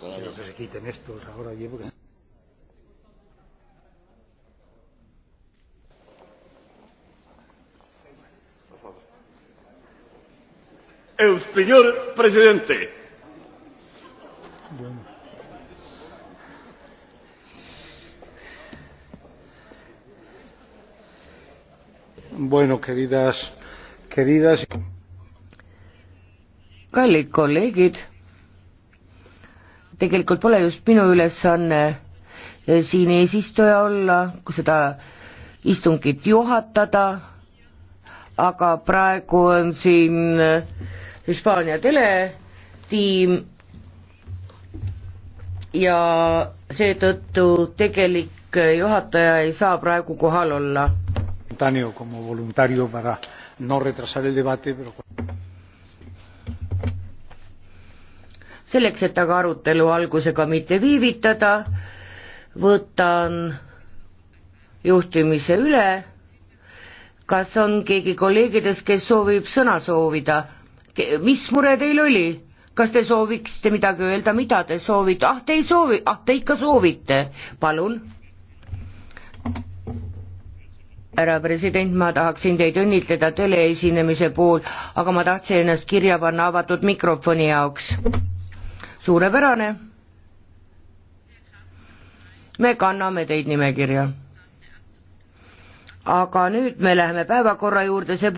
Quiero que se quiten estos ahora allí porque... El señor presidente. Bueno. bueno, queridas, queridas. kallid kolleegid tegelikult pole just minu ülesanne eh, siin eesistuja olla, seda istungit juhatada, aga praegu on siin eh, Hispaania teletiim ja seetõttu tegelik eh, juhataja ei saa praegu kohal olla. Como voluntario para no retrasar el debate, pero selleks, et aga arutelu algusega mitte viivitada, võtan juhtimise üle, kas on keegi kolleegidest, kes soovib sõna soovida? mis mure teil oli? kas te sooviksite midagi öelda, mida te soovite, ah te ei soovi, ah te ikka soovite, palun. härra president, ma tahaksin teid õnnitleda teleesinemise puhul, aga ma tahtsin ennast kirja panna avatud mikrofoni jaoks suurepärane. me kanname teid nimekirja. aga nüüd me läheme päevakorra juurde, see